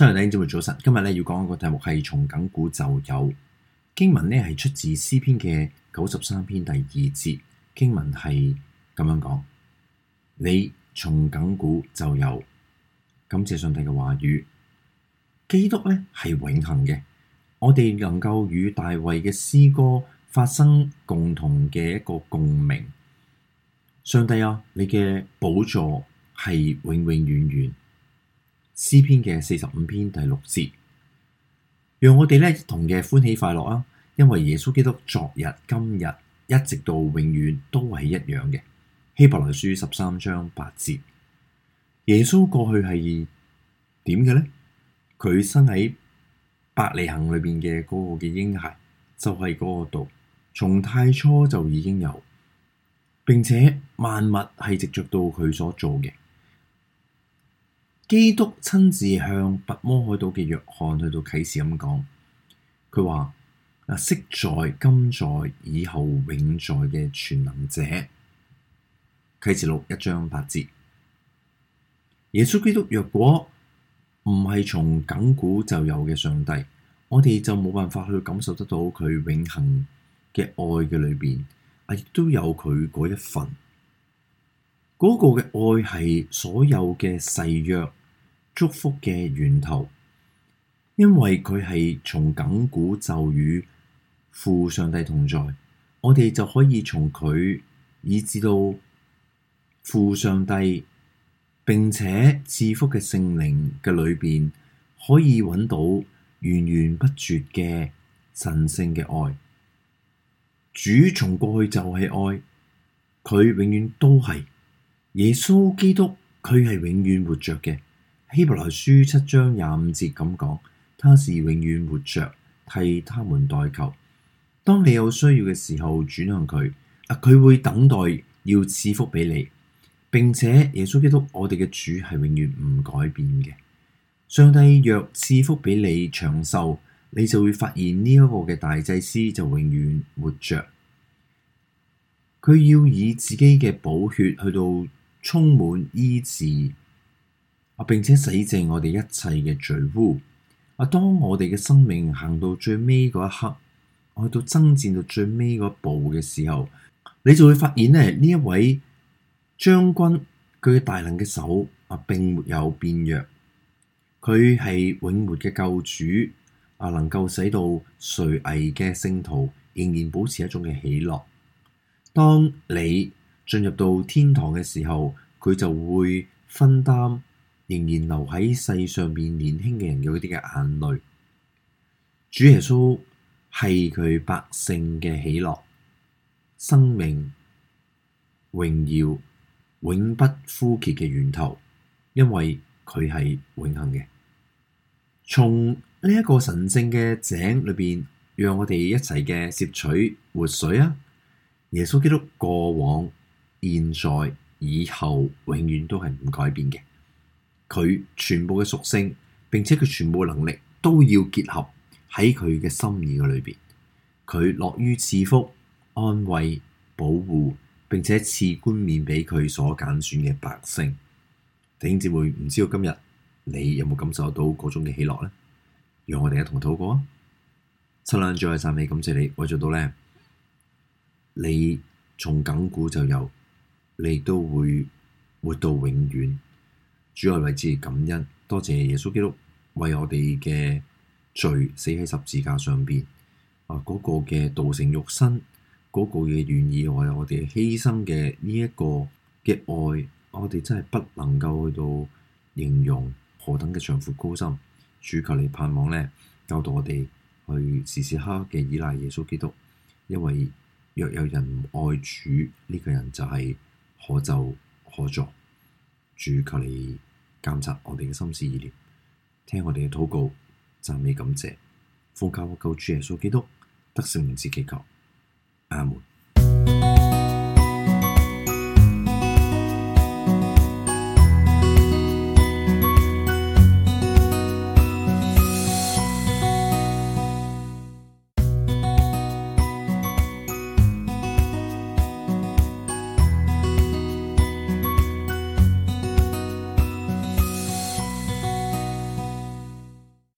歡迎弟兄姊妹早晨。今日要講個題目係從亙古就有。經文呢，係出自詩篇嘅九十三篇第二節。經文係咁樣講：你從亙古就有感謝上帝嘅話語。基督呢係永恒嘅，我哋能夠與大衛嘅詩歌發生共同嘅一個共鳴。上帝啊，你嘅寶座係永永遠遠,遠。詩篇嘅四十五篇第六節，讓我哋咧一同嘅歡喜快樂啊！因為耶穌基督昨日、今日一直到永遠都係一樣嘅。希伯來書十三章八節，耶穌過去係點嘅呢？佢生喺伯利恒裏邊嘅嗰個嘅嬰孩，就係、是、嗰個道，從太初就已經有，並且萬物係藉著佢所做嘅。基督親自向拔摩海島嘅約翰去到啟示咁講，佢話：嗱，昔在、今在、以後永在嘅全能者，啟示錄一章八節。耶穌基督若果唔係從亙古就有嘅上帝，我哋就冇辦法去感受得到佢永恆嘅愛嘅裏邊，亦都有佢嗰一份。嗰、嗰個嘅愛係所有嘅誓約，祝福嘅源頭，因為佢係從亙古就與父上帝同在，我哋就可以從佢以至到父上帝，並且賜福嘅聖靈嘅裏邊，可以揾到源源不絕嘅神聖嘅愛。主從過去就係愛，佢永遠都係，耶穌基督，佢係永遠活着嘅。希伯來書七章廿五節咁講，他是永遠活着，替他們代求。當你有需要嘅時候，轉向佢，啊，佢會等待要賜福俾你，並且耶穌基督，我哋嘅主係永遠唔改變嘅。上帝若賜福俾你長壽，你就會發現呢一個嘅大祭司就永遠活着。佢要以自己嘅寶血去到充滿醫治。並且洗淨我哋一切嘅罪污。啊，當我哋嘅生命行到最尾嗰一刻，去到爭戰到最尾嗰一步嘅時候，你就會發現呢，呢一位將軍佢嘅大能嘅手啊，並沒有變弱。佢係永活嘅救主啊，能夠使到垂危嘅聖徒仍然保持一種嘅喜樂。當你進入到天堂嘅時候，佢就會分擔。仍然留喺世上邊年輕嘅人嘅啲嘅眼淚，主耶穌係佢百姓嘅喜樂、生命、榮耀，永不枯竭嘅源頭，因為佢係永恆嘅。從呢一個神聖嘅井裏邊，讓我哋一齊嘅汲取活水啊！耶穌基督過往、現在、以後，永遠都係唔改變嘅。佢全部嘅屬性，並且佢全部能力都要結合喺佢嘅心意嘅裏邊。佢樂於賜福、安慰、保護，並且賜冠冕俾佢所揀選嘅百姓。弟兄姊妹，唔知道今日你有冇感受到嗰種嘅喜樂呢？讓我哋一同禱告啊！七兩再讚你，感謝你，我做到咧。你從亙古就有，你都會活到永遠。主我為之感恩，多謝耶穌基督為我哋嘅罪死喺十字架上邊，啊嗰、那個嘅道成肉身，嗰、那個嘢，願意為我哋犧牲嘅呢一個嘅愛，我哋真係不能夠去到形容何等嘅長闊高深。主求你盼望咧，教導我哋去時時刻刻嘅依賴耶穌基督，因為若有人唔愛主，呢、這個人就係可就可作。主求你，監察我哋嘅心思意念，聽我哋嘅禱告，讚美感謝，奉靠我救主耶穌基督得勝名字祈求，阿門。